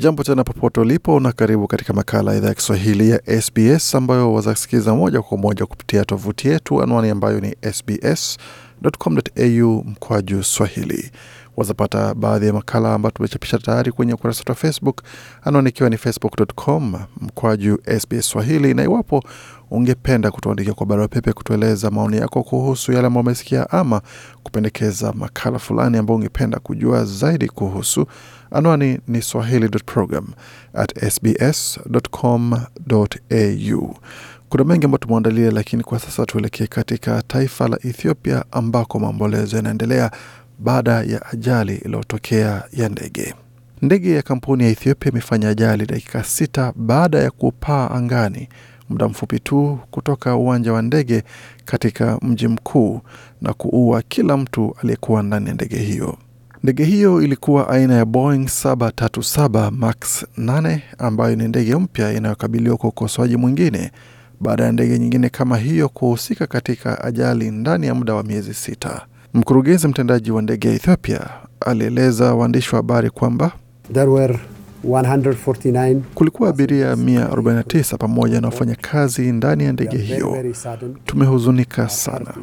Jambo tena popote ulipo na karibu katika makala ya idhaa ya Kiswahili ya SBS ambayo wazasikiza moja kwa moja kupitia tovuti yetu, anwani ambayo ni SBS au mkwaju Swahili. Wazapata baadhi ya makala ambayo tumechapisha tayari kwenye ukurasa wetu wa Facebook, anwani ikiwa ni facebook.com mkwaju SBS Swahili. Na iwapo ungependa kutuandikia kwa barua pepe, kutueleza maoni yako kuhusu yale ambayo umesikia, ama kupendekeza makala fulani ambayo ungependa kujua zaidi kuhusu, anwani ni swahili.program@sbs.com.au. Kuna mengi ambayo tumeandalia, lakini kwa sasa tuelekee katika taifa la Ethiopia ambako maombolezo yanaendelea baada ya ajali iliyotokea ya ndege. Ndege ya kampuni ya Ethiopia imefanya ajali dakika sita baada ya kupaa angani muda mfupi tu kutoka uwanja wa ndege katika mji mkuu na kuua kila mtu aliyekuwa ndani ya ndege hiyo. Ndege hiyo ilikuwa aina ya Boeing 737 Max 8 ambayo ni ndege mpya inayokabiliwa kwa ukosoaji mwingine baada ya ndege nyingine kama hiyo kuhusika katika ajali ndani ya muda wa miezi sita. Mkurugenzi mtendaji wa ndege ya Ethiopia alieleza waandishi wa habari kwamba There were 149 kulikuwa abiria 149 pamoja na wafanyakazi ndani ya ndege hiyo. Tumehuzunika sana.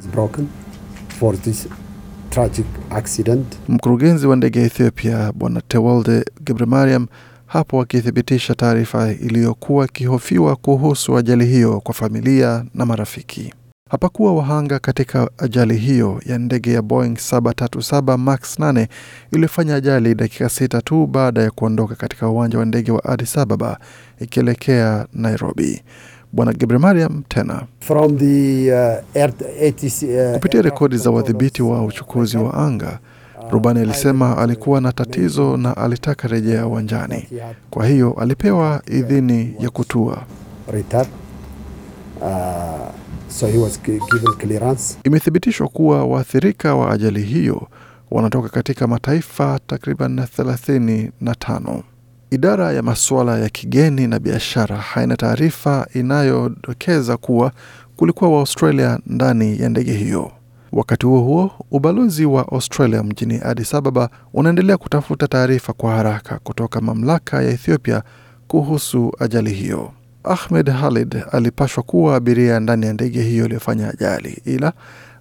Mkurugenzi wa ndege ya Ethiopia Bwana Tewolde Gebremariam hapo akithibitisha taarifa iliyokuwa ikihofiwa kuhusu ajali hiyo kwa familia na marafiki. Hapakuwa wahanga katika ajali hiyo ya ndege ya Boeing 737 Max 8 iliyofanya ajali dakika sita tu baada ya kuondoka katika uwanja wa ndege wa Addis Ababa ikielekea Nairobi. Bwana Gabriel Mariam tena From the, uh, ATC, uh, kupitia rekodi za wadhibiti wa uchukuzi wa anga Rubani alisema alikuwa na tatizo na alitaka rejea uwanjani, kwa hiyo alipewa idhini ya kutua. Uh, so imethibitishwa kuwa waathirika wa ajali hiyo wanatoka katika mataifa takriban 35. Idara ya masuala ya kigeni na biashara haina taarifa inayodokeza kuwa kulikuwa Waaustralia ndani ya ndege hiyo. Wakati huo huo, ubalozi wa Australia mjini Addis Ababa unaendelea kutafuta taarifa kwa haraka kutoka mamlaka ya Ethiopia kuhusu ajali hiyo. Ahmed Khalid alipashwa kuwa abiria ndani ya ndege hiyo iliyofanya ajali, ila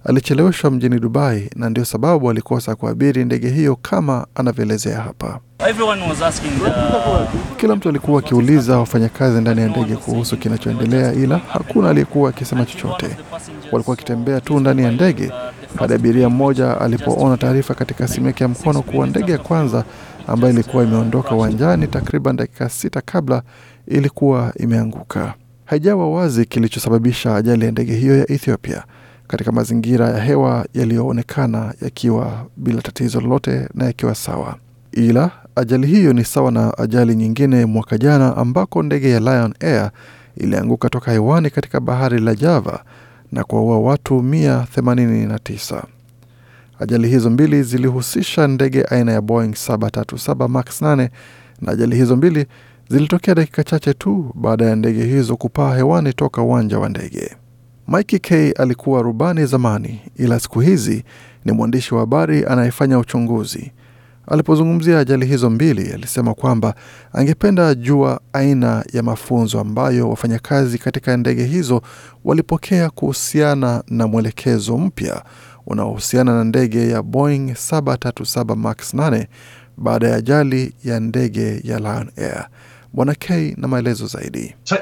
alicheleweshwa mjini Dubai na ndio sababu alikosa kuabiri ndege hiyo kama anavyoelezea hapa. Kila mtu alikuwa akiuliza wafanyakazi ndani ya ndege kuhusu kinachoendelea, ila hakuna aliyekuwa akisema chochote. Walikuwa wakitembea tu ndani ya ndege baada ya abiria mmoja alipoona taarifa katika simu yake ya mkono kuwa ndege ya kwanza ambayo ilikuwa imeondoka uwanjani takriban dakika sita kabla ilikuwa imeanguka. Haijawa wazi kilichosababisha ajali ya ndege hiyo ya Ethiopia katika mazingira ya hewa yaliyoonekana yakiwa bila tatizo lolote na yakiwa sawa, ila ajali hiyo ni sawa na ajali nyingine mwaka jana ambako ndege ya Lion Air ilianguka toka hewani katika bahari la Java na kuwaua watu 189. Ajali hizo mbili zilihusisha ndege aina ya Boeing 737 Max 8 na ajali hizo mbili zilitokea dakika chache tu baada ya ndege hizo kupaa hewani toka uwanja wa ndege. Mike K alikuwa rubani zamani, ila siku hizi ni mwandishi wa habari anayefanya uchunguzi. Alipozungumzia ajali hizo mbili, alisema kwamba angependa jua aina ya mafunzo ambayo wafanyakazi katika ndege hizo walipokea kuhusiana na mwelekezo mpya unaohusiana na ndege ya Boeing 737 Max 8 baada ya ajali ya ndege ya Lion Air. Bwana K na maelezo zaidi. Uh,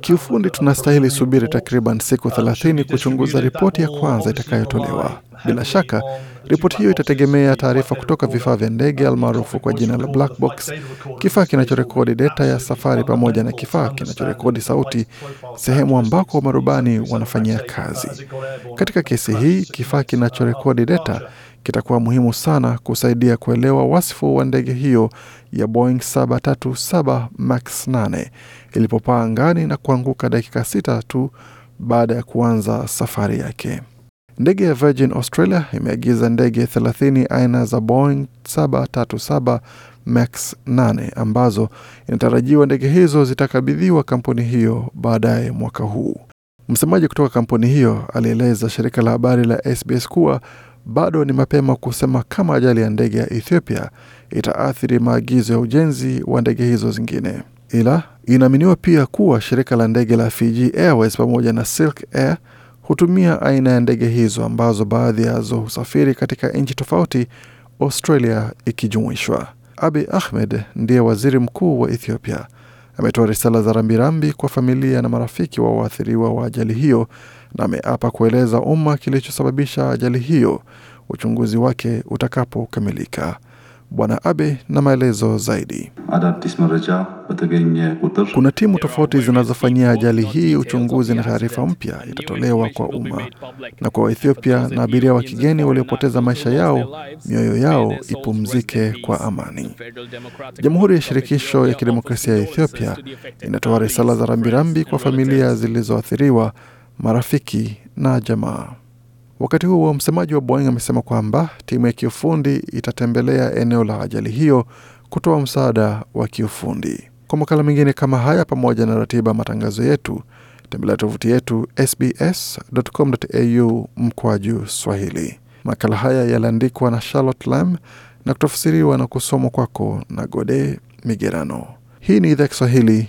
Kiufundi uh, tunastahili subiri takriban siku 30 uh, kuchunguza ripoti ya kwanza itakayotolewa. Bila shaka ripoti hiyo itategemea taarifa kutoka vifaa vya ndege almaarufu kwa jina la black box, kifaa kinachorekodi data ya safari pamoja na kifaa kinachorekodi sauti sehemu ambako marubani wanafanyia kazi. Katika kesi hii, kifaa kinachorekodi data kitakuwa muhimu sana kusaidia kuelewa wasifu wa ndege hiyo ya Boeing 737 Max 8 ilipopaa angani na kuanguka dakika sita tu baada ya kuanza safari yake. Ndege ya Virgin Australia imeagiza ndege 30 aina za Boeing 737 Max 8 ambazo inatarajiwa ndege hizo zitakabidhiwa kampuni hiyo baadaye mwaka huu. Msemaji kutoka kampuni hiyo alieleza shirika la habari la SBS kuwa bado ni mapema kusema kama ajali ya ndege ya Ethiopia itaathiri maagizo ya ujenzi wa ndege hizo zingine, ila inaaminiwa pia kuwa shirika la ndege la Fiji Airways pamoja na Silk Air hutumia aina ya ndege hizo ambazo baadhi yazo husafiri katika nchi tofauti, Australia ikijumuishwa. abi Ahmed ndiye waziri mkuu wa Ethiopia ametoa risala za rambirambi kwa familia na marafiki wa waathiriwa wa ajali hiyo na ameapa kueleza umma kilichosababisha ajali hiyo uchunguzi wake utakapokamilika. Bwana Abe na maelezo zaidi. Kuna timu tofauti zinazofanyia ajali hii uchunguzi, na taarifa mpya itatolewa kwa umma na kwa Waethiopia na abiria wa kigeni waliopoteza maisha yao, mioyo yao ipumzike kwa amani. Jamhuri ya Shirikisho ya Kidemokrasia ya Ethiopia inatoa risala za rambirambi kwa familia zilizoathiriwa, marafiki na jamaa. Wakati huo msemaji wa Boeing amesema kwamba timu ya kiufundi itatembelea eneo la ajali hiyo kutoa msaada wa kiufundi. Kwa makala mengine kama haya, pamoja na ratiba matangazo yetu, tembelea tovuti yetu sbs.com.au mkwaju Swahili. Makala haya yaliandikwa na Charlotte Lam na kutafsiriwa na kusomwa kwako na Gode Migerano. Hii ni idhaa Kiswahili